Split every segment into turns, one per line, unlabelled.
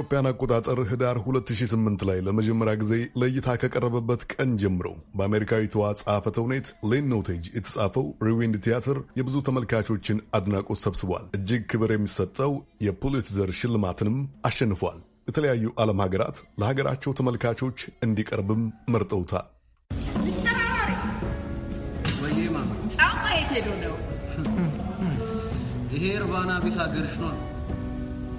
አውሮፓውያን አቆጣጠር ህዳር 2008 ላይ ለመጀመሪያ ጊዜ ለእይታ ከቀረበበት ቀን ጀምሮ በአሜሪካዊቷ ጸሐፌ ተውኔት ሌን ኖቴጅ የተጻፈው ሪዊንድ ቲያትር የብዙ ተመልካቾችን አድናቆት ሰብስቧል። እጅግ ክብር የሚሰጠው የፑሊትዘር ሽልማትንም አሸንፏል። የተለያዩ ዓለም ሀገራት ለሀገራቸው ተመልካቾች እንዲቀርብም መርጠውታል።
ይሄ እርባና ቢስ ሀገርሽ ነው።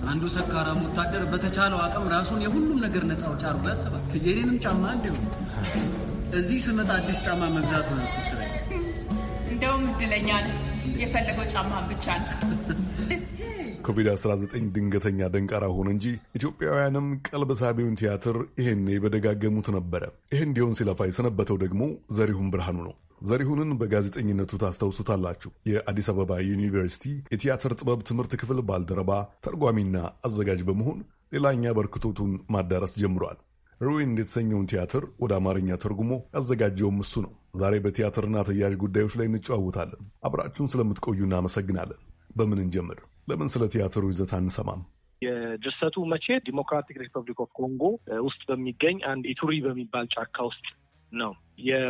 አንዱ ሰካራም ወታደር በተቻለው አቅም ራሱን የሁሉም ነገር ነፃ አውጪ አድርጎ ያስባል። የኔንም ጫማ እንዲሁ እዚህ ስመጣ አዲስ ጫማ መግዛት ሆነ ስለ
እንደውም እድለኛ የፈለገው ጫማ ብቻ ነው። ኮቪድ-19 ድንገተኛ ደንቃራ ሆነ እንጂ ኢትዮጵያውያንም ቀልብ ሳቢውን ቲያትር ይሄኔ በደጋገሙት ነበረ። ይህ እንዲሆን ሲለፋ የሰነበተው ደግሞ ዘሪሁን ብርሃኑ ነው። ዘሪሁንን በጋዜጠኝነቱ ታስታውሱታላችሁ። የአዲስ አበባ ዩኒቨርሲቲ የቲያትር ጥበብ ትምህርት ክፍል ባልደረባ፣ ተርጓሚና አዘጋጅ በመሆን ሌላኛ በርክቶቱን ማዳረስ ጀምሯል። ሩዊንድ የተሰኘውን ቲያትር ወደ አማርኛ ተርጉሞ ያዘጋጀውም እሱ ነው። ዛሬ በቲያትርና ተያያዥ ጉዳዮች ላይ እንጨዋወታለን። አብራችሁን ስለምትቆዩ እናመሰግናለን። በምን እንጀምር? ለምን ስለ ቲያትሩ ይዘት አንሰማም?
የድርሰቱ መቼት ዲሞክራቲክ ሪፐብሊክ ኦፍ ኮንጎ ውስጥ በሚገኝ አንድ ኢቱሪ በሚባል ጫካ ውስጥ ነው።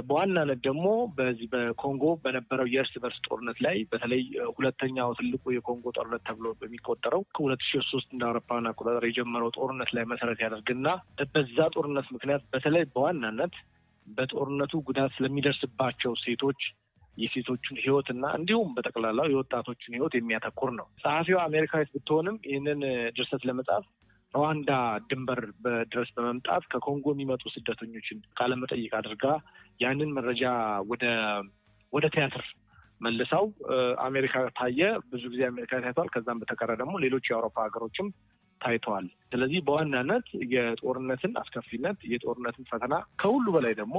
በዋናነት ደግሞ በዚህ በኮንጎ በነበረው የእርስ በርስ ጦርነት ላይ በተለይ ሁለተኛው ትልቁ የኮንጎ ጦርነት ተብሎ በሚቆጠረው ከሁለት ሺ ሶስት እንደ አውሮፓውያን አቆጣጠር የጀመረው ጦርነት ላይ መሰረት ያደርግና በዛ ጦርነት ምክንያት በተለይ በዋናነት በጦርነቱ ጉዳት ስለሚደርስባቸው ሴቶች የሴቶቹን ህይወትና እንዲሁም በጠቅላላው የወጣቶችን ህይወት የሚያተኩር ነው። ጸሐፊው አሜሪካዊት ብትሆንም ይህንን ድርሰት ለመጻፍ ሩዋንዳ ድንበር ድረስ በመምጣት ከኮንጎ የሚመጡ ስደተኞችን ቃለመጠይቅ አድርጋ ያንን መረጃ ወደ ወደ ቲያትር መልሰው አሜሪካ ታየ። ብዙ ጊዜ አሜሪካ ታይቷል። ከዛም በተቀረ ደግሞ ሌሎች የአውሮፓ ሀገሮችም ታይተዋል። ስለዚህ በዋናነት የጦርነትን አስከፊነት፣ የጦርነትን ፈተና ከሁሉ በላይ ደግሞ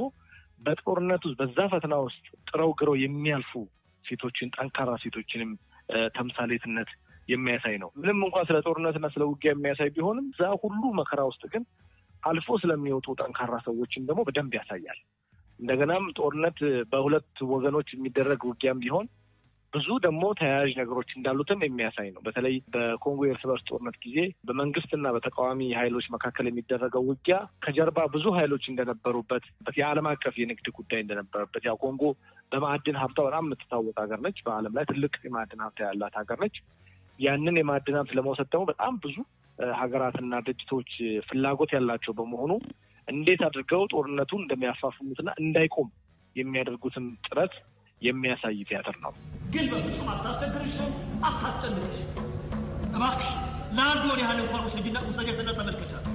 በጦርነት ውስጥ በዛ ፈተና ውስጥ ጥረው ግረው የሚያልፉ ሴቶችን ጠንካራ ሴቶችንም ተምሳሌትነት የሚያሳይ ነው። ምንም እንኳን ስለ ጦርነትና ስለ ውጊያ የሚያሳይ ቢሆንም እዛ ሁሉ መከራ ውስጥ ግን አልፎ ስለሚወጡ ጠንካራ ሰዎችን ደግሞ በደንብ ያሳያል። እንደገናም ጦርነት በሁለት ወገኖች የሚደረግ ውጊያም ቢሆን ብዙ ደግሞ ተያያዥ ነገሮች እንዳሉትም የሚያሳይ ነው። በተለይ በኮንጎ የእርስ በርስ ጦርነት ጊዜ በመንግስትና በተቃዋሚ ኃይሎች መካከል የሚደረገው ውጊያ ከጀርባ ብዙ ኃይሎች እንደነበሩበት፣ የዓለም አቀፍ የንግድ ጉዳይ እንደነበረበት ያው ኮንጎ በማዕድን ሀብታ በጣም የምትታወቅ ሀገር ነች። በዓለም ላይ ትልቅ የማዕድን ሀብታ ያላት ሀገር ነች። ያንን የማዕድን ሀብት ለመውሰድ ደግሞ በጣም ብዙ ሀገራትና ድርጅቶች ፍላጎት ያላቸው በመሆኑ እንዴት አድርገው ጦርነቱን እንደሚያፋፍሙትና እንዳይቆም የሚያደርጉትን ጥረት የሚያሳይ ቲያትር ነው። ግን በፍጹም አታስቸግርሽ፣ አታስጨንቅሽ። እባክሽ ለአንድ ወር ያህል እንኳን ውሰጅና ውሰጀትና ተመልከቻል።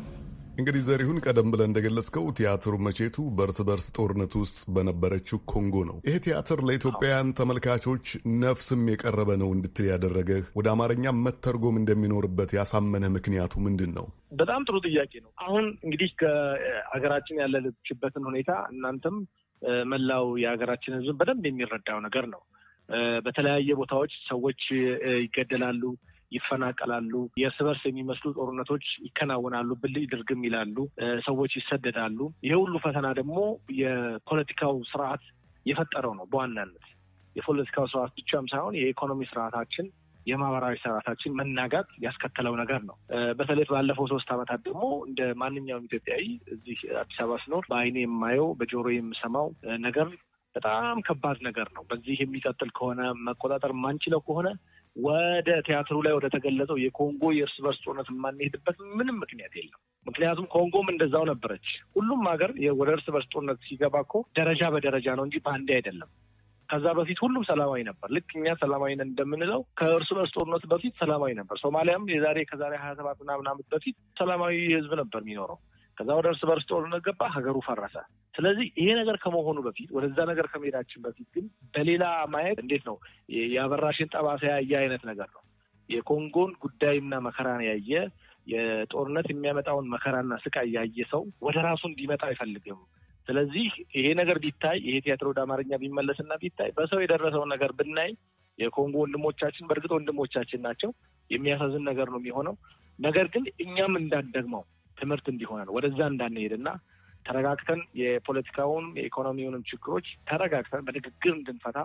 እንግዲህ ዘሪሁን፣ ቀደም ብለን እንደገለጽከው ቲያትሩ መቼቱ በእርስ በርስ ጦርነት ውስጥ በነበረችው ኮንጎ ነው። ይህ ቲያትር ለኢትዮጵያውያን ተመልካቾች ነፍስም የቀረበ ነው እንድትል ያደረገህ፣ ወደ አማርኛ መተርጎም እንደሚኖርበት ያሳመነህ ምክንያቱ ምንድን ነው?
በጣም ጥሩ ጥያቄ ነው። አሁን እንግዲህ ከሀገራችን ያለችበትን ሁኔታ እናንተም መላው የሀገራችን ሕዝብ በደንብ የሚረዳው ነገር ነው። በተለያየ ቦታዎች ሰዎች ይገደላሉ፣ ይፈናቀላሉ፣ የእርስ በርስ የሚመስሉ ጦርነቶች ይከናወናሉ፣ ብልጭ ድርግም ይላሉ፣ ሰዎች ይሰደዳሉ። ይሄ ሁሉ ፈተና ደግሞ የፖለቲካው ስርዓት የፈጠረው ነው በዋናነት የፖለቲካው ስርዓት ብቻም ሳይሆን የኢኮኖሚ ስርዓታችን የማህበራዊ ስርዓታችን መናጋት ያስከተለው ነገር ነው። በተለይ ባለፈው ሶስት ዓመታት ደግሞ እንደ ማንኛውም ኢትዮጵያዊ እዚህ አዲስ አበባ ስኖር በአይኔ የማየው በጆሮ የምሰማው ነገር በጣም ከባድ ነገር ነው። በዚህ የሚቀጥል ከሆነ መቆጣጠር የማንችለው ከሆነ ወደ ቲያትሩ ላይ ወደ ተገለጸው የኮንጎ የእርስ በርስ ጦርነት የማንሄድበት ምንም ምክንያት የለም። ምክንያቱም ኮንጎም እንደዛው ነበረች። ሁሉም ሀገር ወደ እርስ በርስ ጦርነት ሲገባ እኮ ደረጃ በደረጃ ነው እንጂ በአንዴ አይደለም። ከዛ በፊት ሁሉም ሰላማዊ ነበር። ልክ እኛ ሰላማዊ ነን እንደምንለው ከእርስ በርስ ጦርነት በፊት ሰላማዊ ነበር። ሶማሊያም የዛሬ ከዛሬ ሀያ ሰባት ምናምን ዓመት በፊት ሰላማዊ ህዝብ ነበር የሚኖረው። ከዛ ወደ እርስ በርስ ጦርነት ገባ፣ ሀገሩ ፈረሰ። ስለዚህ ይሄ ነገር ከመሆኑ በፊት ወደዛ ነገር ከመሄዳችን በፊት ግን በሌላ ማየት እንዴት ነው የአበራሽን ጠባሳ ያየ አይነት ነገር ነው። የኮንጎን ጉዳይና መከራን ያየ የጦርነት የሚያመጣውን መከራና ስቃይ ያየ ሰው ወደ ራሱ እንዲመጣ አይፈልግም። ስለዚህ ይሄ ነገር ቢታይ ይሄ ቲያትር ወደ አማርኛ ቢመለስና ቢታይ በሰው የደረሰውን ነገር ብናይ የኮንጎ ወንድሞቻችን በእርግጥ ወንድሞቻችን ናቸው። የሚያሳዝን ነገር ነው የሚሆነው። ነገር ግን እኛም እንዳንደግመው ትምህርት እንዲሆነን ወደዛ እንዳንሄድና ተረጋግተን የፖለቲካውን የኢኮኖሚውንም ችግሮች ተረጋግተን በንግግር እንድንፈታ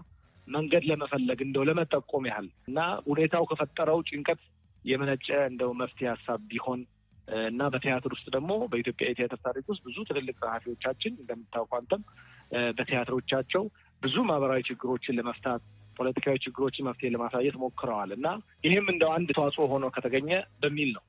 መንገድ ለመፈለግ እንደው ለመጠቆም ያህል እና ሁኔታው ከፈጠረው ጭንቀት የመነጨ እንደው መፍትሄ ሀሳብ ቢሆን እና በቲያትር ውስጥ ደግሞ በኢትዮጵያ የቲያትር ታሪክ ውስጥ ብዙ ትልልቅ ጸሐፊዎቻችን እንደምታውቀው አንተም በቲያትሮቻቸው ብዙ ማህበራዊ ችግሮችን ለመፍታት ፖለቲካዊ ችግሮችን መፍትሄ ለማሳየት ሞክረዋል እና ይህም እንደው አንድ ተዋጽኦ ሆኖ ከተገኘ በሚል ነው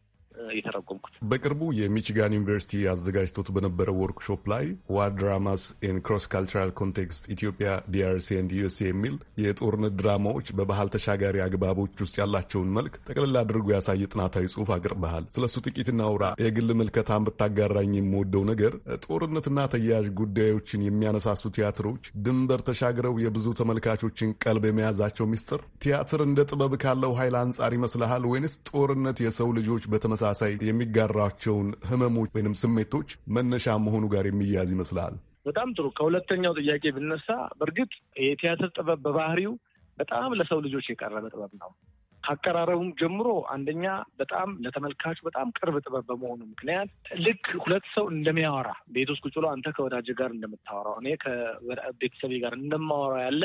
የተረጎምኩት።
በቅርቡ የሚችጋን ዩኒቨርሲቲ አዘጋጅቶት በነበረው ወርክሾፕ ላይ ዋር ድራማስ ኢን ክሮስ ካልቸራል ኮንቴክስት ኢትዮጵያ ዲአርሲ ኤንድ ዩኤስኤ የሚል የጦርነት ድራማዎች በባህል ተሻጋሪ አግባቦች ውስጥ ያላቸውን መልክ ጠቅልል አድርጎ ያሳየ ጥናታዊ ጽሑፍ አቅርበሃል። ስለሱ ጥቂት እናውራ። የግል ምልከታን ብታጋራኝ የምወደው ነገር ጦርነትና ተያያዥ ጉዳዮችን የሚያነሳሱ ቲያትሮች ድንበር ተሻግረው የብዙ ተመልካቾችን ቀልብ የመያዛቸው ሚስጥር ቲያትር እንደ ጥበብ ካለው ኃይል አንጻር ይመስልሃል ወይንስ ጦርነት የሰው ልጆች በተመሳ በተመሳሳይ የሚጋራቸውን ህመሞች ወይም ስሜቶች መነሻ መሆኑ ጋር የሚያያዝ ይመስላል።
በጣም ጥሩ። ከሁለተኛው ጥያቄ ብነሳ በእርግጥ የቲያትር ጥበብ በባህሪው በጣም ለሰው ልጆች የቀረበ ጥበብ ነው። ከአቀራረቡም ጀምሮ አንደኛ በጣም ለተመልካቹ በጣም ቅርብ ጥበብ በመሆኑ ምክንያት ልክ ሁለት ሰው እንደሚያወራ ቤት ውስጥ ቁጭ ብሎ አንተ ከወዳጅ ጋር እንደምታወራው እኔ ከቤተሰቤ ጋር እንደማወራው ያለ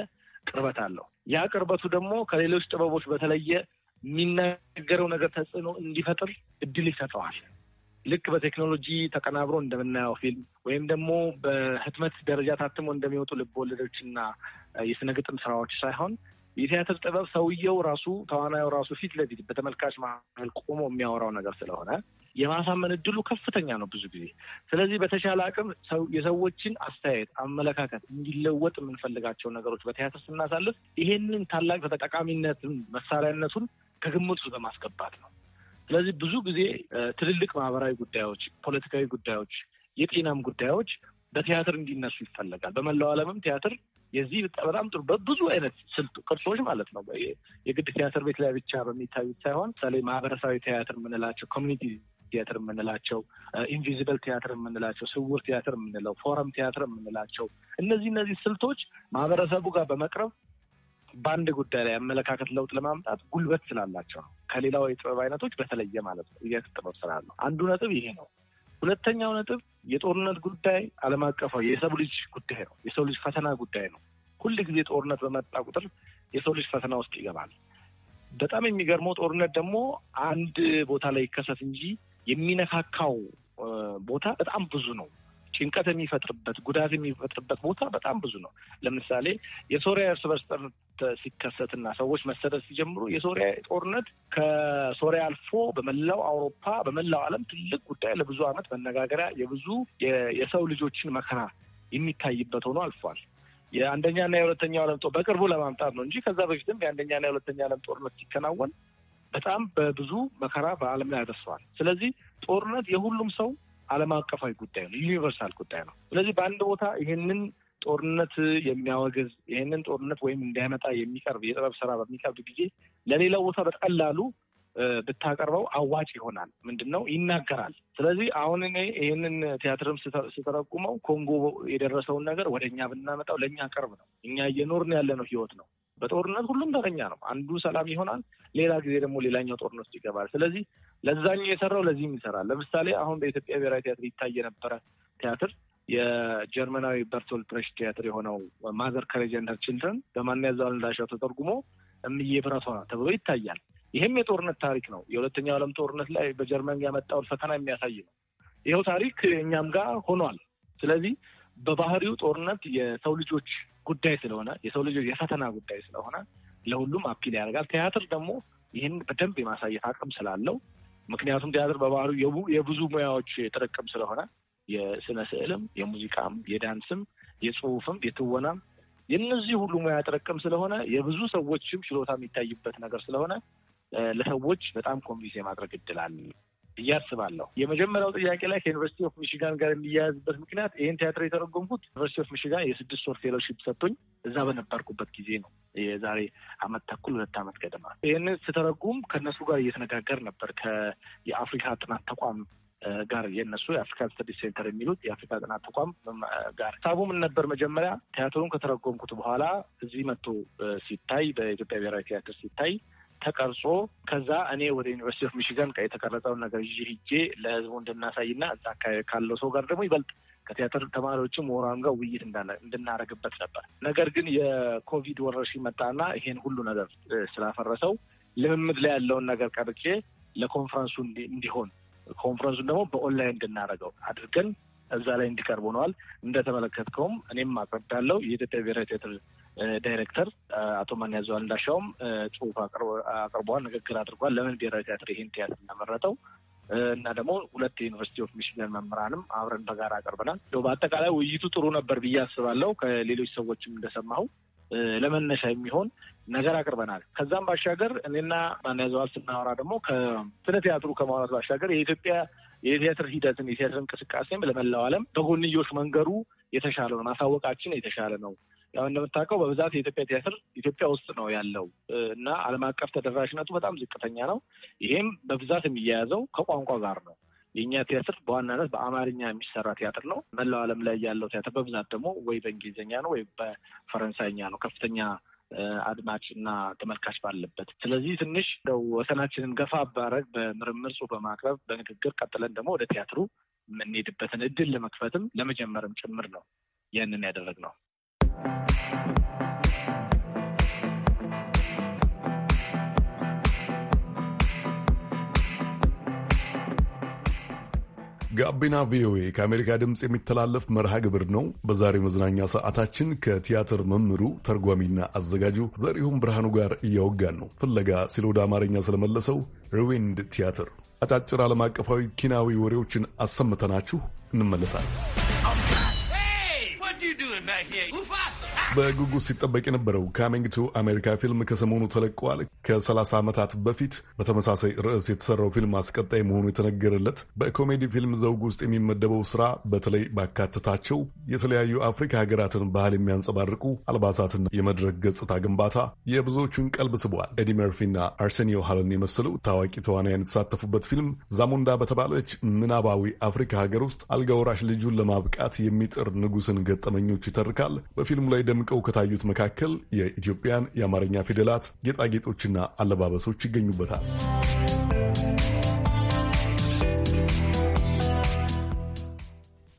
ቅርበት አለው። ያ ቅርበቱ ደግሞ ከሌሎች ጥበቦች በተለየ የሚናገረው ነገር ተጽዕኖ እንዲፈጥር እድል ይሰጠዋል። ልክ በቴክኖሎጂ ተቀናብሮ እንደምናየው ፊልም ወይም ደግሞ በህትመት ደረጃ ታትሞ እንደሚወጡ ልብ ወለዶችና የስነ ግጥም ስራዎች ሳይሆን የቲያትር ጥበብ ሰውየው ራሱ ተዋናዩ ራሱ ፊት ለፊት በተመልካች መሀል ቆሞ የሚያወራው ነገር ስለሆነ የማሳመን እድሉ ከፍተኛ ነው ብዙ ጊዜ። ስለዚህ በተሻለ አቅም የሰዎችን አስተያየት፣ አመለካከት እንዲለወጥ የምንፈልጋቸው ነገሮች በቲያትር ስናሳልፍ ይሄንን ታላቅ ተጠቃሚነትን መሳሪያነቱን ከግምት ውስጥ በማስገባት ነው። ስለዚህ ብዙ ጊዜ ትልልቅ ማህበራዊ ጉዳዮች፣ ፖለቲካዊ ጉዳዮች፣ የጤናም ጉዳዮች በቲያትር እንዲነሱ ይፈለጋል። በመላው ዓለምም ቲያትር የዚህ በጣም ጥሩ በብዙ አይነት ስልት ቅርሶች ማለት ነው። የግድ ቲያትር ቤት ላይ ብቻ በሚታዩት ሳይሆን ምሳሌ ማህበረሰባዊ ቲያትር የምንላቸው፣ ኮሚኒቲ ቲያትር የምንላቸው፣ ኢንቪዚብል ቲያትር የምንላቸው፣ ስውር ቲያትር የምንለው፣ ፎረም ቲያትር የምንላቸው እነዚህ እነዚህ ስልቶች ማህበረሰቡ ጋር በመቅረብ በአንድ ጉዳይ ላይ አመለካከት ለውጥ ለማምጣት ጉልበት ስላላቸው ነው። ከሌላው የጥበብ አይነቶች በተለየ ማለት ነው። ጥበብ ስራ ነው። አንዱ ነጥብ ይሄ ነው። ሁለተኛው ነጥብ የጦርነት ጉዳይ ዓለም አቀፋዊ የሰው ልጅ ጉዳይ ነው። የሰው ልጅ ፈተና ጉዳይ ነው። ሁል ጊዜ ጦርነት በመጣ ቁጥር የሰው ልጅ ፈተና ውስጥ ይገባል። በጣም የሚገርመው ጦርነት ደግሞ አንድ ቦታ ላይ ይከሰት እንጂ የሚነካካው ቦታ በጣም ብዙ ነው። ጭንቀት የሚፈጥርበት ጉዳት የሚፈጥርበት ቦታ በጣም ብዙ ነው። ለምሳሌ የሶሪያ እርስ በርስ ጦርነት ሲከሰትና ሰዎች መሰደድ ሲጀምሩ የሶሪያ ጦርነት ከሶሪያ አልፎ በመላው አውሮፓ፣ በመላው ዓለም ትልቅ ጉዳይ ለብዙ ዓመት መነጋገሪያ የብዙ የሰው ልጆችን መከራ የሚታይበት ሆኖ አልፏል። የአንደኛና የሁለተኛው ዓለም ጦር በቅርቡ ለማምጣት ነው እንጂ ከዛ በፊትም የአንደኛና የሁለተኛ ዓለም ጦርነት ሲከናወን በጣም በብዙ መከራ በዓለም ላይ ያደርሰዋል። ስለዚህ ጦርነት የሁሉም ሰው ዓለም አቀፋዊ ጉዳይ ነው፣ ዩኒቨርሳል ጉዳይ ነው። ስለዚህ በአንድ ቦታ ይህንን ጦርነት የሚያወግዝ ይህንን ጦርነት ወይም እንዳይመጣ የሚቀርብ የጥበብ ስራ በሚቀርብ ጊዜ ለሌላው ቦታ በቀላሉ ብታቀርበው አዋጭ ይሆናል። ምንድን ነው ይናገራል። ስለዚህ አሁን እኔ ይህንን ቲያትርም ስተረቁመው ኮንጎ የደረሰውን ነገር ወደ እኛ ብናመጣው ለእኛ ቅርብ ነው። እኛ እየኖርን ያለነው ህይወት ነው። በጦርነት ሁሉም ተረኛ ነው። አንዱ ሰላም ይሆናል፣ ሌላ ጊዜ ደግሞ ሌላኛው ጦርነት ውስጥ ይገባል። ስለዚህ ለዛኛው የሰራው ለዚህም ይሰራል። ለምሳሌ አሁን በኢትዮጵያ ብሔራዊ ቲያትር ይታይ የነበረ ቲያትር የጀርመናዊ በርቶል ፕሬሽ ቲያትር የሆነው ማዘር ከሬጀንደር ኤንድ ሄር ችልድረን እንዳሻው ተተርጉሞ እምዬ ብረቷ ተብሎ ይታያል። ይህም የጦርነት ታሪክ ነው። የሁለተኛው ዓለም ጦርነት ላይ በጀርመን ያመጣውን ፈተና የሚያሳይ ነው። ይኸው ታሪክ እኛም ጋር ሆኗል። ስለዚህ በባህሪው ጦርነት የሰው ልጆች ጉዳይ ስለሆነ የሰው ልጆች የፈተና ጉዳይ ስለሆነ ለሁሉም አፒል ያደርጋል። ቲያትር ደግሞ ይህን በደንብ የማሳየት አቅም ስላለው ምክንያቱም ቲያትር በባህሉ የብዙ ሙያዎች ጥርቅም ስለሆነ የስነ ስዕልም፣ የሙዚቃም፣ የዳንስም፣ የጽሁፍም፣ የትወናም የእነዚህ ሁሉ ሙያ ጥርቅም ስለሆነ የብዙ ሰዎችም ችሎታ የሚታይበት ነገር ስለሆነ ለሰዎች በጣም ኮንቪንስ የማድረግ እድል አለ። ብዬ አስባለሁ። የመጀመሪያው ጥያቄ ላይ ከዩኒቨርሲቲ ኦፍ ሚሽጋን ጋር የሚያያዝበት ምክንያት ይህን ቲያትር የተረጎምኩት ዩኒቨርሲቲ ኦፍ ሚሽጋን የስድስት ወር ፌሎሺፕ ሰጥቶኝ እዛ በነበርኩበት ጊዜ ነው። የዛሬ አመት ተኩል ሁለት አመት ገደማ ይህንን ስተረጉም ከእነሱ ጋር እየተነጋገር ነበር ከየአፍሪካ ጥናት ተቋም ጋር የነሱ የአፍሪካ ስተዲ ሴንተር የሚሉት የአፍሪካ ጥናት ተቋም ጋር ሳቡ ምን ነበር መጀመሪያ ቲያትሩን ከተረጎምኩት በኋላ እዚህ መጥቶ ሲታይ በኢትዮጵያ ብሔራዊ ቲያትር ሲታይ ተቀርጾ ከዛ እኔ ወደ ዩኒቨርሲቲ ኦፍ ሚሽጋን የተቀረጸውን ነገር ይዤ ሂጄ ለህዝቡ እንድናሳይና እዛ አካባቢ ካለው ሰው ጋር ደግሞ ይበልጥ ከቲያትር ተማሪዎችም ምሁራን ጋር ውይይት እንድናደርግበት ነበር። ነገር ግን የኮቪድ ወረርሽኝ መጣና ይሄን ሁሉ ነገር ስላፈረሰው ልምምድ ላይ ያለውን ነገር ቀርጬ ለኮንፈረንሱ እንዲሆን ኮንፈረንሱን ደግሞ በኦንላይን እንድናደርገው አድርገን እዛ ላይ እንዲቀርቡ ነዋል። እንደተመለከትከውም እኔም አቅርዳለው የኢትዮጵያ ብሔራዊ ቲያትር ዳይሬክተር አቶ ማንያዘዋል እንዳሻውም ጽሁፍ አቅርበዋል፣ ንግግር አድርጓል። ለምን ብሔራዊ ቲያትር ይህን ቲያትር እንደመረጠው እና ደግሞ ሁለት የዩኒቨርሲቲ ኦፍ ሚሽገን መምህራንም አብረን በጋራ አቅርበናል። በአጠቃላይ ውይይቱ ጥሩ ነበር ብዬ አስባለሁ። ከሌሎች ሰዎችም እንደሰማሁ ለመነሻ የሚሆን ነገር አቅርበናል። ከዛም ባሻገር እኔና ማንያዘዋል ስናወራ ደግሞ ከስነ ቲያትሩ ከማውራት ባሻገር የኢትዮጵያ የቲያትር ሂደትን የቲያትር እንቅስቃሴም ለመላው ዓለም በጎንዮሽ መንገዱ የተሻለ ነው፣ ማሳወቃችን የተሻለ ነው ያው እንደምታውቀው በብዛት የኢትዮጵያ ቲያትር ኢትዮጵያ ውስጥ ነው ያለው እና ዓለም አቀፍ ተደራሽነቱ በጣም ዝቅተኛ ነው። ይሄም በብዛት የሚያያዘው ከቋንቋ ጋር ነው። የእኛ ቲያትር በዋናነት በአማርኛ የሚሰራ ቲያትር ነው። መላው ዓለም ላይ ያለው ቲያትር በብዛት ደግሞ ወይ በእንግሊዝኛ ነው ወይ በፈረንሳይኛ ነው ከፍተኛ አድማጭ እና ተመልካች ባለበት። ስለዚህ ትንሽ ደው ወሰናችንን ገፋ ባረግ በምርምር ጽሑፍ በማቅረብ በንግግር ቀጥለን ደግሞ ወደ ቲያትሩ የምንሄድበትን እድል ለመክፈትም ለመጀመርም ጭምር ነው ያንን ያደረግነው።
ጋቢና ቪኦኤ ከአሜሪካ ድምፅ የሚተላለፍ መርሃ ግብር ነው። በዛሬ መዝናኛ ሰዓታችን ከቲያትር መምህሩ ተርጓሚና አዘጋጁ ዘሪሁን ብርሃኑ ጋር እያወጋን ነው። ፍለጋ ሲል ወደ አማርኛ ስለመለሰው ርዊንድ ቲያትር አጫጭር ዓለም አቀፋዊ ኪናዊ ወሬዎችን አሰምተናችሁ እንመለሳለን።
What you doing back
here? Mufasa! በጉጉት ሲጠበቅ የነበረው ካሚንግ ቱ አሜሪካ ፊልም ከሰሞኑ ተለቀዋል። ከ30 ዓመታት በፊት በተመሳሳይ ርዕስ የተሰራው ፊልም አስቀጣይ መሆኑ የተነገረለት በኮሜዲ ፊልም ዘውግ ውስጥ የሚመደበው ስራ በተለይ ባካተታቸው የተለያዩ አፍሪካ ሀገራትን ባህል የሚያንጸባርቁ አልባሳትና የመድረክ ገጽታ ግንባታ የብዙዎቹን ቀልብ ስቧል። ኤዲ መርፊና አርሴኒዮ ሃለን የመሰሉ ታዋቂ ተዋናያን የተሳተፉበት ፊልም ዛሙንዳ በተባለች ምናባዊ አፍሪካ ሀገር ውስጥ አልጋ ወራሽ ልጁን ለማብቃት የሚጥር ንጉስን ገጠመኞች ይተርካል። በፊልሙ ላይ ደምቀው ከታዩት መካከል የኢትዮጵያን የአማርኛ ፊደላት ጌጣጌጦችና አለባበሶች ይገኙበታል።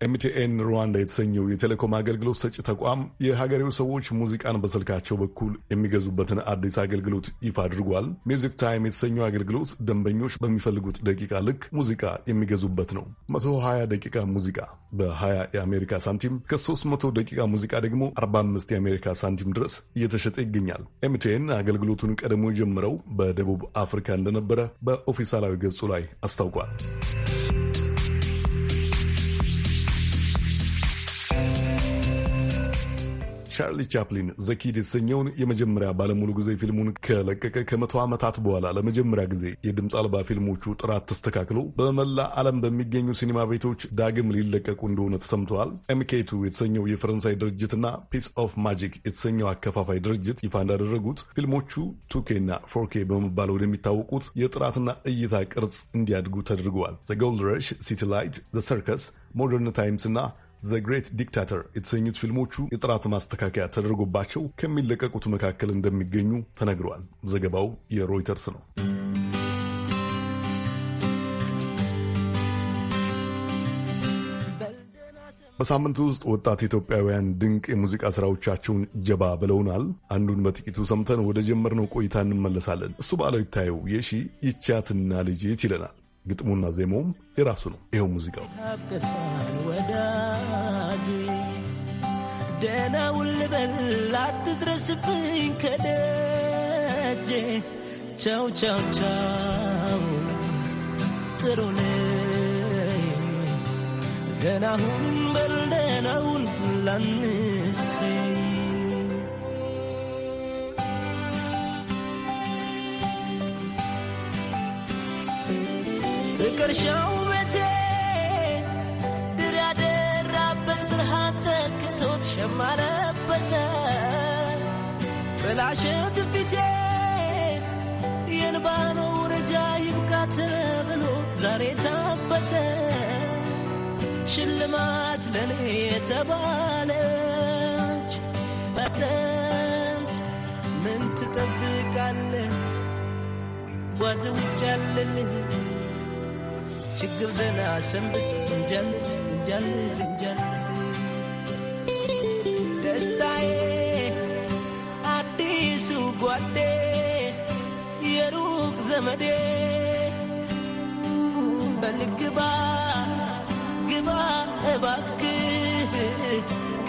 ኤምቲኤን ሩዋንዳ የተሰኘው የቴሌኮም አገልግሎት ሰጪ ተቋም የሀገሬው ሰዎች ሙዚቃን በስልካቸው በኩል የሚገዙበትን አዲስ አገልግሎት ይፋ አድርጓል። ሚውዚክ ታይም የተሰኘው አገልግሎት ደንበኞች በሚፈልጉት ደቂቃ ልክ ሙዚቃ የሚገዙበት ነው። 120 ደቂቃ ሙዚቃ በ20 የአሜሪካ ሳንቲም፣ ከ300 ደቂቃ ሙዚቃ ደግሞ 45 የአሜሪካ ሳንቲም ድረስ እየተሸጠ ይገኛል። ኤምቲኤን አገልግሎቱን ቀድሞ የጀመረው በደቡብ አፍሪካ እንደነበረ በኦፊሳላዊ ገጹ ላይ አስታውቋል። ቻርሊ ቻፕሊን ዘኪድ የተሰኘውን የመጀመሪያ ባለሙሉ ጊዜ ፊልሙን ከለቀቀ ከመቶ ዓመታት በኋላ ለመጀመሪያ ጊዜ የድምፅ አልባ ፊልሞቹ ጥራት ተስተካክሎ በመላ ዓለም በሚገኙ ሲኒማ ቤቶች ዳግም ሊለቀቁ እንደሆነ ተሰምተዋል። ኤምኬቱ የተሰኘው የፈረንሳይ ድርጅትና ፒስ ኦፍ ማጂክ የተሰኘው አከፋፋይ ድርጅት ይፋ እንዳደረጉት ፊልሞቹ ና ፎርኬ በመባል ወደሚታወቁት የጥራትና እይታ ቅርጽ እንዲያድጉ ተደርገዋል። ዘ ጎልድ ረሽ፣ ሲቲ ላይት፣ ዘ ሰርከስ፣ ሞደርን ታይምስ እና ዘ ግሬት ዲክታተር የተሰኙት ፊልሞቹ የጥራት ማስተካከያ ተደርጎባቸው ከሚለቀቁት መካከል እንደሚገኙ ተነግረዋል። ዘገባው የሮይተርስ ነው። በሳምንቱ ውስጥ ወጣት ኢትዮጵያውያን ድንቅ የሙዚቃ ስራዎቻቸውን ጀባ ብለውናል። አንዱን በጥቂቱ ሰምተን ወደ ጀመርነው ቆይታ እንመለሳለን። እሱ ባለው ይታየው የሺ ይቻትና ልጅት ይለናል። ግጥሙና ዜማውም የራሱ ነው። ይኸው ሙዚቃው
አብቅቷን ወዳጅ አትድረስብኝ ከደጄ ቻው ቻው ቻው ጥሩ ነይ በል ላን ፍቅርሽው ውበቴ ድር ያደራበት ብርሃን ተክቶት ሸማ ለበሰ ጥላሽት ፊቴ የንባኖ ውረጃ ይብቃ ተብሎ ዛሬ ታበሰ ሽልማት ለኔ የተባለች መጠች ምን ትጠብቃለህ? ጓዝ ውጭ ያለልህ ችግር ደህና ሰንብት እንጃልል እንጃልል እንጃልል ደስታዬ አዲሱ ጓዴ የሩቅ ዘመዴ በልግባ ግባ እባክህ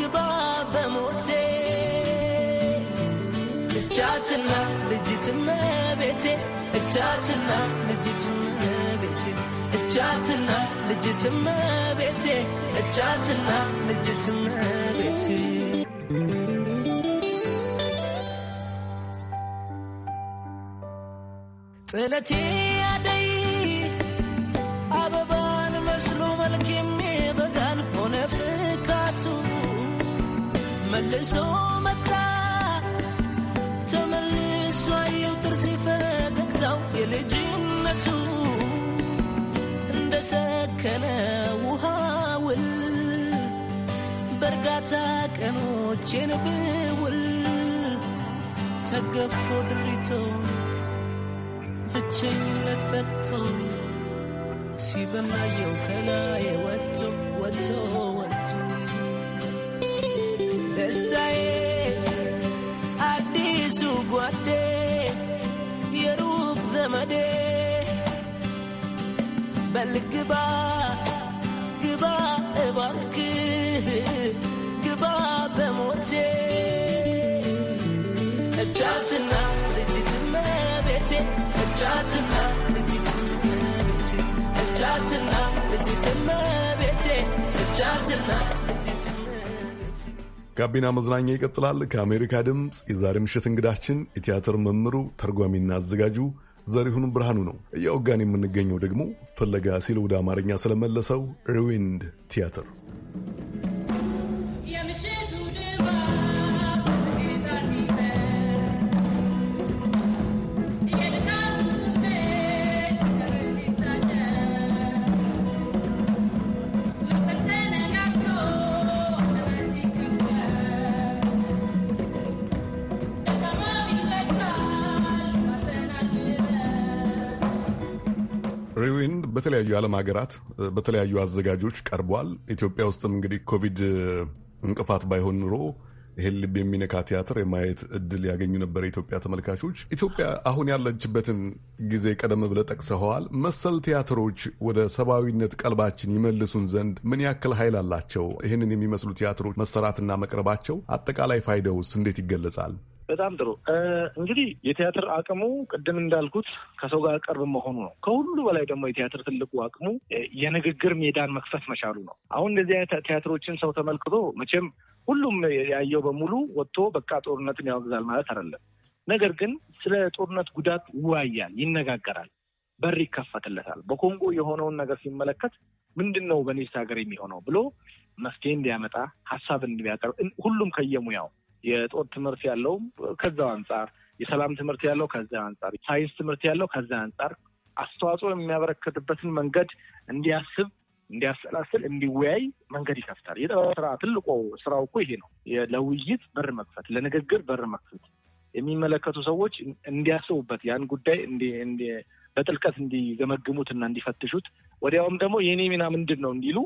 ግባ በሞቴ እቻትና ልጅትመ ቤቴ እቻትና ልጅትመ እቻትና ልጅትመ ቤቴ እቻትና ልጅትመ ቤቴ ጥለቴ አደይ አበባን መስሎ መልክ የሚበጋን ሆነ ፍካቱ መልሶ ውሃውል በእርጋታ ቀኖቼን ብውል ተገፎ ድሪቶ ብቸኝነት በቶ ሲበናየው ከላይ ወጥቶ ወጥቶ ወጥቶ ደስታዬ አዲሱ ጓዴ የሩቅ ዘመዴ በል ግባ ግባ እባክህ ግባ በሞቴ እጃትና ልጅትመ ቤቴ እጃትና እጃትና ልጅትመ ቤቴ እጃትና
ጋቢና መዝናኛ ይቀጥላል። ከአሜሪካ ድምፅ የዛሬ ምሽት እንግዳችን የቲያትር መምህሩ ተርጓሚና አዘጋጁ ዘሪሁን ብርሃኑ ነው። እያወጋን የምንገኘው ደግሞ ፍለጋ ሲል ወደ አማርኛ ስለመለሰው ሪዊንድ ቲያትር ሪዊንድ በተለያዩ የዓለም ሀገራት በተለያዩ አዘጋጆች ቀርቧል። ኢትዮጵያ ውስጥም እንግዲህ ኮቪድ እንቅፋት ባይሆን ኑሮ ይህን ልብ የሚነካ ቲያትር የማየት እድል ያገኙ ነበር የኢትዮጵያ ተመልካቾች። ኢትዮጵያ አሁን ያለችበትን ጊዜ ቀደም ብለህ ጠቅሰኸዋል። መሰል ቲያትሮች ወደ ሰብአዊነት ቀልባችን ይመልሱን ዘንድ ምን ያክል ኃይል አላቸው? ይህንን የሚመስሉ ቲያትሮች መሰራትና መቅረባቸው አጠቃላይ ፋይዳውስ እንዴት ይገለጻል?
በጣም ጥሩ እንግዲህ የቲያትር አቅሙ ቅድም እንዳልኩት ከሰው ጋር ቅርብ መሆኑ ነው። ከሁሉ በላይ ደግሞ የቲያትር ትልቁ አቅሙ የንግግር ሜዳን መክፈት መቻሉ ነው። አሁን እንደዚህ አይነት ቲያትሮችን ሰው ተመልክቶ መቼም ሁሉም ያየው በሙሉ ወጥቶ በቃ ጦርነትን ያወግዛል ማለት አይደለም። ነገር ግን ስለ ጦርነት ጉዳት ይወያያል፣ ይነጋገራል፣ በር ይከፈትለታል። በኮንጎ የሆነውን ነገር ሲመለከት ምንድን ነው በኔስ ሀገር የሚሆነው ብሎ መፍትሄ እንዲያመጣ ሀሳብ እንዲያቀርብ ሁሉም ከየሙያው የጦር ትምህርት ያለው ከዛው አንጻር፣ የሰላም ትምህርት ያለው ከዛ አንጻር፣ ሳይንስ ትምህርት ያለው ከዛ አንጻር አስተዋጽኦ የሚያበረከትበትን መንገድ እንዲያስብ እንዲያሰላስል እንዲወያይ መንገድ ይከፍታል። የጥበብ ስራ ትልቆ ስራው እኮ ይሄ ነው። ለውይይት በር መክፈት፣ ለንግግር በር መክፈት፣ የሚመለከቱ ሰዎች እንዲያስቡበት፣ ያን ጉዳይ በጥልቀት እንዲገመግሙትና እንዲፈትሹት፣ ወዲያውም ደግሞ የእኔ ሚና ምንድን ነው እንዲሉ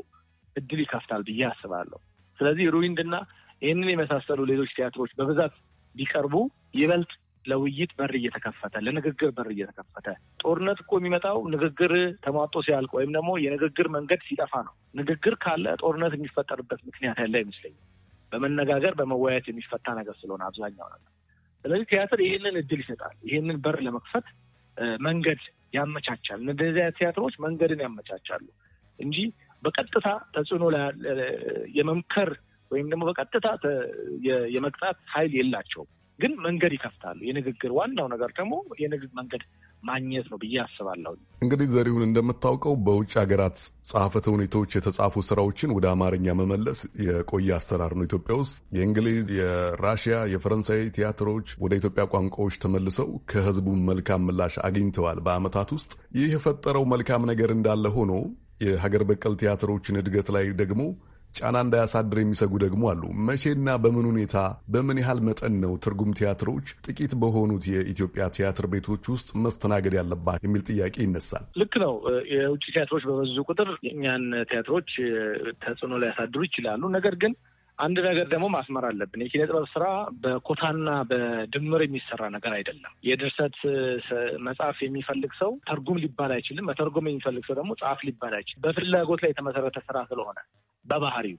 እድል ይከፍታል ብዬ አስባለሁ። ስለዚህ ሩዊንድና ይህንን የመሳሰሉ ሌሎች ቲያትሮች በብዛት ቢቀርቡ ይበልጥ ለውይይት በር እየተከፈተ ለንግግር በር እየተከፈተ። ጦርነት እኮ የሚመጣው ንግግር ተሟጦ ሲያልቅ ወይም ደግሞ የንግግር መንገድ ሲጠፋ ነው። ንግግር ካለ ጦርነት የሚፈጠርበት ምክንያት ያለ አይመስለኝም። በመነጋገር በመወያየት የሚፈታ ነገር ስለሆነ አብዛኛው ነገር። ስለዚህ ቲያትር ይህንን እድል ይሰጣል። ይህንን በር ለመክፈት መንገድ ያመቻቻል። እነዚያ ቲያትሮች መንገድን ያመቻቻሉ እንጂ በቀጥታ ተጽዕኖ የመምከር ወይም ደግሞ በቀጥታ የመቅጣት ኃይል የላቸውም፣ ግን መንገድ ይከፍታሉ። የንግግር ዋናው ነገር ደግሞ የንግግር መንገድ ማግኘት ነው ብዬ አስባለሁ።
እንግዲህ ዘሪሁን፣ እንደምታውቀው በውጭ ሀገራት ጸሐፍተ ሁኔታዎች የተጻፉ ስራዎችን ወደ አማርኛ መመለስ የቆየ አሰራር ነው። ኢትዮጵያ ውስጥ የእንግሊዝ፣ የራሽያ፣ የፈረንሳይ ቲያትሮች ወደ ኢትዮጵያ ቋንቋዎች ተመልሰው ከህዝቡ መልካም ምላሽ አግኝተዋል በአመታት ውስጥ። ይህ የፈጠረው መልካም ነገር እንዳለ ሆኖ የሀገር በቀል ቲያትሮችን እድገት ላይ ደግሞ ጫና እንዳያሳድር የሚሰጉ ደግሞ አሉ። መቼና በምን ሁኔታ በምን ያህል መጠን ነው ትርጉም ቲያትሮች ጥቂት በሆኑት የኢትዮጵያ ቲያትር ቤቶች ውስጥ መስተናገድ ያለባት የሚል ጥያቄ ይነሳል።
ልክ ነው። የውጭ ቲያትሮች በበዙ ቁጥር የእኛን ቲያትሮች ተጽዕኖ ሊያሳድሩ ይችላሉ። ነገር ግን አንድ ነገር ደግሞ ማስመር አለብን። የኪነ ጥበብ ስራ በኮታና በድምር የሚሰራ ነገር አይደለም። የድርሰት መጽሐፍ የሚፈልግ ሰው ተርጉም ሊባል አይችልም። መተርጎም የሚፈልግ ሰው ደግሞ ጸሐፍ ሊባል አይችልም። በፍላጎት ላይ የተመሰረተ ስራ ስለሆነ በባህሪው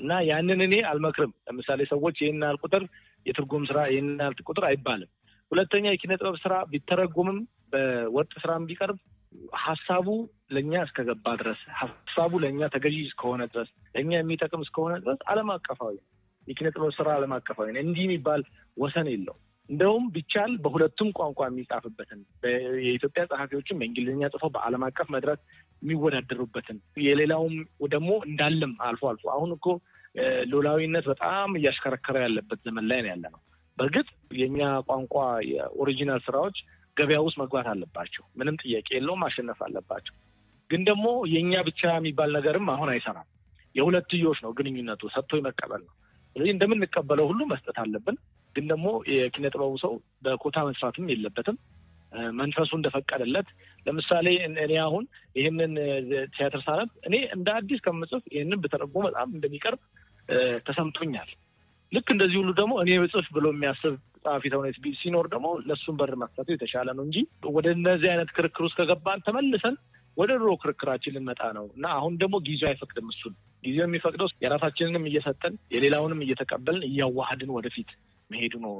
እና ያንን እኔ አልመክርም። ለምሳሌ ሰዎች ይህን ያህል ቁጥር የትርጉም ስራ ይህን ያህል ቁጥር አይባልም። ሁለተኛ የኪነ ጥበብ ስራ ቢተረጎምም በወጥ ስራም ቢቀርብ ሀሳቡ ለእኛ እስከገባ ድረስ ሀሳቡ ለእኛ ተገዢ እስከሆነ ድረስ ለእኛ የሚጠቅም እስከሆነ ድረስ ዓለም አቀፋዊ የኪነ ጥበብ ስራ ዓለም አቀፋዊ እንዲህ የሚባል ወሰን የለው። እንደውም ቢቻል በሁለቱም ቋንቋ የሚጻፍበትን የኢትዮጵያ ጸሐፊዎችም በእንግሊዝኛ ጽፎ በዓለም አቀፍ መድረክ የሚወዳደሩበትን የሌላውም ደግሞ እንዳለም አልፎ አልፎ አሁን እኮ ሎላዊነት በጣም እያሽከረከረ ያለበት ዘመን ላይ ነው ያለ ነው። በእርግጥ የእኛ ቋንቋ የኦሪጂናል ስራዎች ገበያ ውስጥ መግባት አለባቸው። ምንም ጥያቄ የለውም። ማሸነፍ አለባቸው። ግን ደግሞ የእኛ ብቻ የሚባል ነገርም አሁን አይሰራም። የሁለትዮሽ ነው ግንኙነቱ፣ ሰጥቶ መቀበል ነው። ስለዚህ እንደምንቀበለው ሁሉ መስጠት አለብን። ግን ደግሞ የኪነ ጥበቡ ሰው በኮታ መስራትም የለበትም። መንፈሱ እንደፈቀደለት። ለምሳሌ እኔ አሁን ይህንን ቲያትር ሳነብ እኔ እንደ አዲስ ከምጽፍ ይህንን ብተረጎ በጣም እንደሚቀርብ ተሰምቶኛል። ልክ እንደዚህ ሁሉ ደግሞ እኔ ብጽፍ ብሎ የሚያስብ ጸሐፊ ተውኔት ሲኖር ደግሞ ለእሱን በር መክፈቱ የተሻለ ነው እንጂ ወደ እነዚህ አይነት ክርክር ውስጥ ከገባን ተመልሰን ወደ ድሮ ክርክራችን ልንመጣ ነው እና አሁን ደግሞ ጊዜው አይፈቅድም። እሱን ጊዜው የሚፈቅደው የራሳችንንም እየሰጠን የሌላውንም እየተቀበልን እያዋሃድን ወደፊት መሄዱ ነው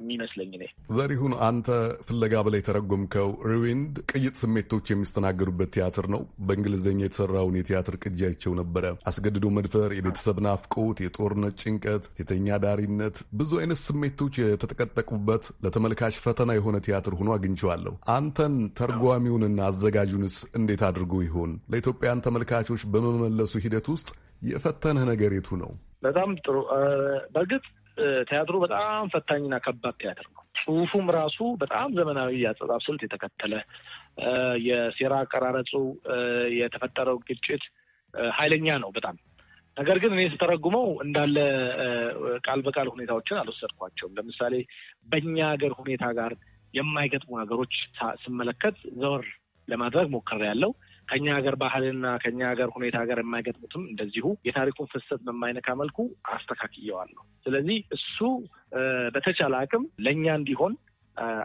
የሚመስለኝ እኔ።
ዘሪሁን፣ አንተ ፍለጋ በላይ ተረጎምከው ሪዊንድ ቅይጥ ስሜቶች የሚስተናገዱበት ቲያትር ነው። በእንግሊዝኛ የተሰራውን የቲያትር ቅጃቸው ነበረ። አስገድዶ መድፈር፣ የቤተሰብ ናፍቆት፣ የጦርነት ጭንቀት፣ ሴተኛ ዳሪነት፣ ብዙ አይነት ስሜቶች የተጠቀጠቁበት ለተመልካች ፈተና የሆነ ቲያትር ሆኖ አግኝቼዋለሁ። አንተን ተርጓሚውንና አዘጋጁንስ እንዴት አድርጎ ይሆን ለኢትዮጵያን ተመልካቾች በመመለሱ ሂደት ውስጥ የፈተነህ ነገር የቱ ነው?
በጣም ጥሩ። በእርግጥ ቲያትሩ በጣም ፈታኝና ከባድ ቲያትር ነው። ጽሁፉም ራሱ በጣም ዘመናዊ የአጸጻፍ ስልት የተከተለ የሴራ አቀራረጹ የተፈጠረው ግጭት ኃይለኛ ነው በጣም ነገር ግን እኔ ስተረጉመው እንዳለ ቃል በቃል ሁኔታዎችን አልወሰድኳቸውም። ለምሳሌ በእኛ ሀገር ሁኔታ ጋር የማይገጥሙ ነገሮች ስመለከት ዘወር ለማድረግ ሞክሬያለሁ። ከኛ ሀገር ባህልና ከኛ ሀገር ሁኔታ ጋር የማይገጥሙትም እንደዚሁ የታሪኩን ፍሰት በማይነካ መልኩ አስተካክየዋለሁ። ስለዚህ እሱ በተቻለ አቅም ለእኛ እንዲሆን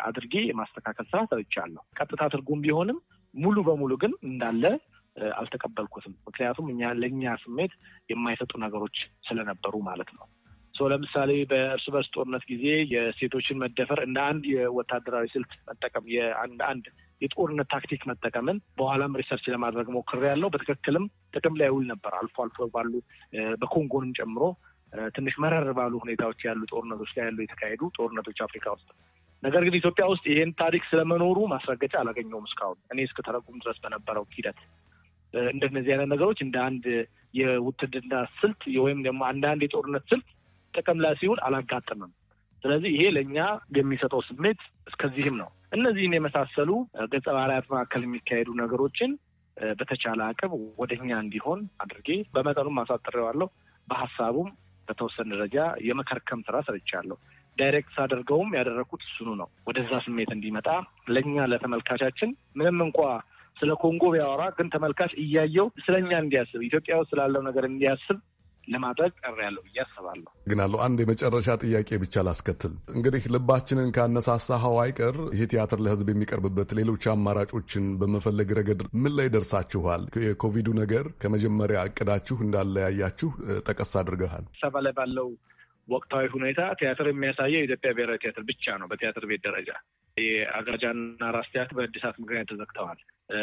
አድርጌ የማስተካከል ስራ ሰርቻለሁ። ቀጥታ ትርጉም ቢሆንም ሙሉ በሙሉ ግን እንዳለ አልተቀበልኩትም። ምክንያቱም እኛ ለእኛ ስሜት የማይሰጡ ነገሮች ስለነበሩ ማለት ነው። ለምሳሌ በእርስ በርስ ጦርነት ጊዜ የሴቶችን መደፈር እንደ አንድ የወታደራዊ ስልት መጠቀም የአንድ አንድ የጦርነት ታክቲክ መጠቀምን በኋላም ሪሰርች ለማድረግ ሞክሬ ያለው በትክክልም ጥቅም ላይ ውል ነበር። አልፎ አልፎ ባሉ በኮንጎንም ጨምሮ ትንሽ መረር ባሉ ሁኔታዎች ያሉ ጦርነቶች ላይ ያሉ የተካሄዱ ጦርነቶች አፍሪካ ውስጥ ነገር ግን ኢትዮጵያ ውስጥ ይህን ታሪክ ስለመኖሩ ማስረገጫ አላገኘውም እስካሁን እኔ እስከተረጉም ድረስ በነበረው ሂደት እንደነዚህ አይነት ነገሮች እንደ አንድ የውትድና ስልት ወይም ደግሞ አንዳንድ የጦርነት ስልት ጥቅም ላይ ሲውል አላጋጥምም። ስለዚህ ይሄ ለእኛ የሚሰጠው ስሜት እስከዚህም ነው። እነዚህን የመሳሰሉ ገጸ ባህርያት መካከል የሚካሄዱ ነገሮችን በተቻለ አቅም ወደኛ እንዲሆን አድርጌ በመጠኑም አሳጥሬዋለሁ። በሀሳቡም በተወሰነ ደረጃ የመከርከም ስራ ሰርቻለሁ። ዳይሬክት ሳደርገውም ያደረግኩት እሱኑ ነው። ወደዛ ስሜት እንዲመጣ ለእኛ ለተመልካቻችን ምንም እንኳ ስለ ኮንጎ ቢያወራ ግን ተመልካች እያየው ስለኛ እንዲያስብ ኢትዮጵያ ውስጥ ስላለው ነገር እንዲያስብ ለማድረግ ቀር ያለው ብዬ አስባለሁ።
ግን አለው አንድ የመጨረሻ ጥያቄ ብቻ ላስከትል። እንግዲህ ልባችንን ካነሳሳ ሀዋይ ቀር ቲያትር ለህዝብ የሚቀርብበት ሌሎች አማራጮችን በመፈለግ ረገድ ምን ላይ ደርሳችኋል? የኮቪዱ ነገር ከመጀመሪያ እቅዳችሁ እንዳለያያችሁ ጠቀስ አድርገሃል።
ሰባ ላይ ባለው ወቅታዊ ሁኔታ ቲያትር የሚያሳየው የኢትዮጵያ ብሔራዊ ቲያትር ብቻ ነው። በቲያትር ቤት ደረጃ የአጋጃና ራስ ቲያትር በእድሳት ምክንያት ተዘግተዋል።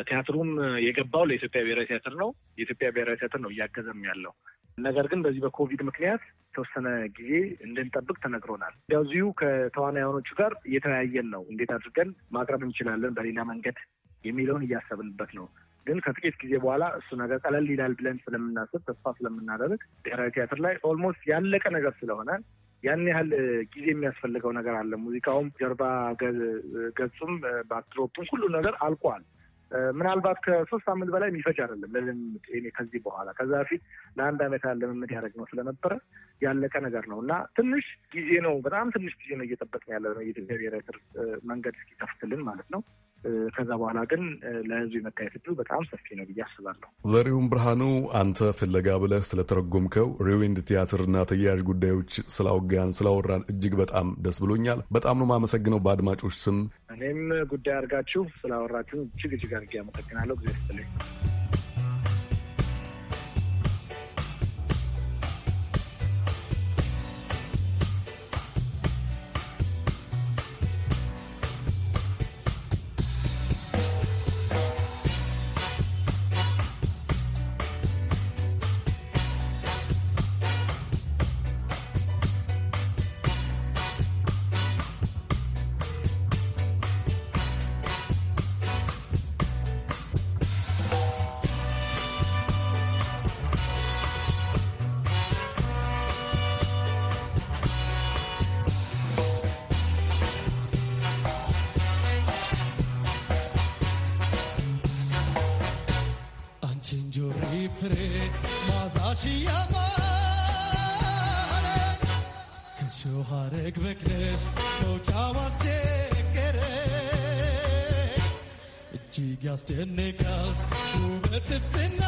ቲያትሩም የገባው ለኢትዮጵያ ብሔራዊ ቲያትር ነው። የኢትዮጵያ ብሔራዊ ቲያትር ነው እያገዘም ያለው ነገር ግን በዚህ በኮቪድ ምክንያት የተወሰነ ጊዜ እንድንጠብቅ ተነግሮናል። እንደዚሁ ከተዋናዮቹ ጋር እየተወያየን ነው፣ እንዴት አድርገን ማቅረብ እንችላለን በሌላ መንገድ የሚለውን እያሰብንበት ነው። ግን ከጥቂት ጊዜ በኋላ እሱ ነገር ቀለል ይላል ብለን ስለምናስብ ተስፋ ስለምናደርግ ብሔራዊ ቲያትር ላይ ኦልሞስት ያለቀ ነገር ስለሆነ ያን ያህል ጊዜ የሚያስፈልገው ነገር አለ። ሙዚቃውም ጀርባ ገጹም ባክትሮፑም ሁሉ ነገር አልቋል። ምናልባት ከሶስት ሳምንት በላይ የሚፈጅ አይደለም ለልምምድ ከዚህ በኋላ ከዛ በፊት ለአንድ ዓመት ያህል ልምምድ ያደረግነው ስለነበረ ያለቀ ነገር ነው እና ትንሽ ጊዜ ነው፣ በጣም ትንሽ ጊዜ ነው እየጠበቅን ያለ ነው የኢትዮጵያ ብሔራዊ መንገድ እስኪከፍትልን ማለት ነው። ከዛ በኋላ ግን ለህዝብ የመታየት እድሉ በጣም ሰፊ ነው ብዬ አስባለሁ።
ዘሪሁን ብርሃኑ፣ አንተ ፍለጋ ብለህ ስለተረጎምከው ሪዊንድ ቲያትርና ተያያዥ ጉዳዮች ስላወጋን ስላወራን እጅግ በጣም ደስ ብሎኛል። በጣም ነው የማመሰግነው በአድማጮች ስም።
እኔም ጉዳይ አድርጋችሁ ስላወራችሁ እጅግ እጅግ አድርጌ አመሰግናለሁ ጊዜ
ያስደንቃል ውበት እፍትናቲ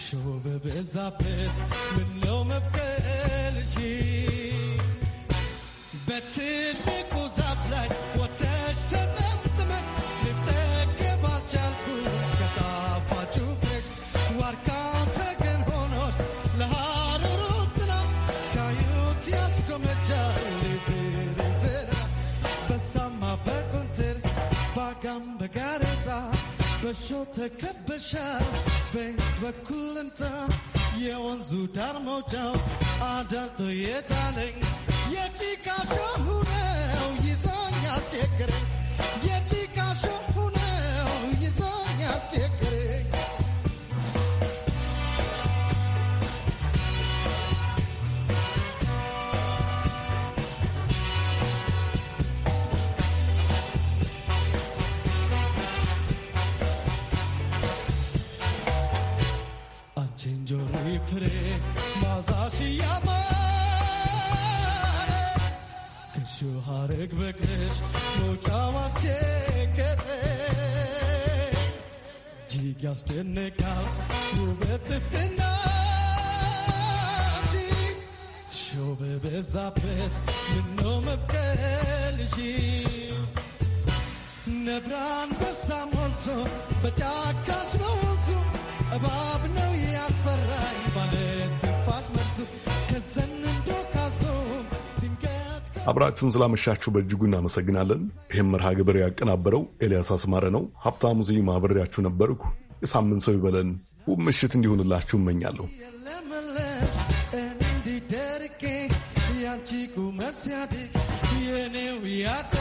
ሾህ በበዛበት በኩል በኩልምታ የወንዙ ዳር መውጫው አዳልቶ የታለኝ የቲካሾ ሁነው ይዞኝ አስቸግረኝ ሐረግ በቅለሽ መውጫው አስቸገረኝ እጅግ ያስደነቃል ውበት ትፍትናሽ ሾው በበዛበት ምነው መብቀልሽ ነብራን አንበሳ ሞልቶ በጫካሽ በወንዙ እባብ
አብራችሁን ስላመሻችሁ በእጅጉ እናመሰግናለን። ይህም መርሃ ግብር ያቀናበረው ኤልያስ አስማረ ነው። ሀብታሙ ዚማ ማብሬያችሁ ነበርኩ። የሳምንት ሰው ይበለን። ውብ ምሽት እንዲሆንላችሁ እመኛለሁ።
Chico